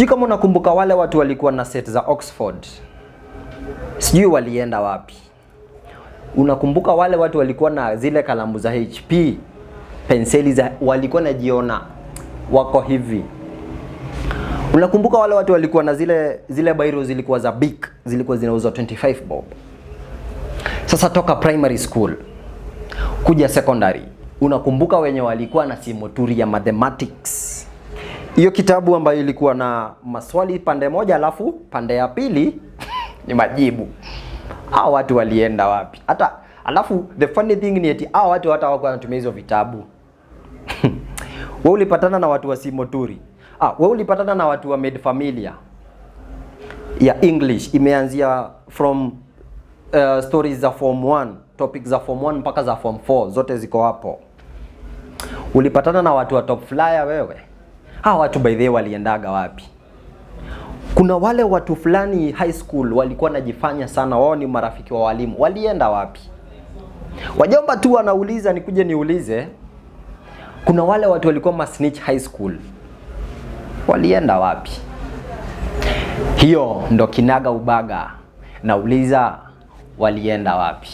Sijui kama unakumbuka wale watu walikuwa na set za Oxford, sijui walienda wapi. Unakumbuka wale watu walikuwa na zile kalamu za HP, penseli za, walikuwa najiona wako hivi. Unakumbuka wale watu walikuwa na zile zile bairo zilikuwa za big, zilikuwa zinauzwa 25 bob. Sasa toka primary school kuja secondary, unakumbuka wenye walikuwa na simoturi ya mathematics hiyo kitabu ambayo ilikuwa na maswali pande moja alafu pande ya pili ni majibu. Hao watu walienda wapi? Hata alafu the funny thing ni eti hao watu hata hawakuwa wanatumia hizo vitabu. Wewe ulipatana na watu wa Simoturi. Ah, wewe ulipatana na watu wa Med Familia ya English imeanzia from uh, stories za form 1, topics za form 1 mpaka za form 4 zote ziko hapo. Ulipatana na watu wa Top Flyer wewe. Hawa watu by the way waliendaga wapi? Kuna wale watu fulani high school walikuwa wanajifanya sana wao ni marafiki wa walimu, walienda wapi? Wajomba tu wanauliza, nikuje niulize. Kuna wale watu walikuwa snitch high school, walienda wapi? Hiyo ndo kinaga ubaga, nauliza walienda wapi?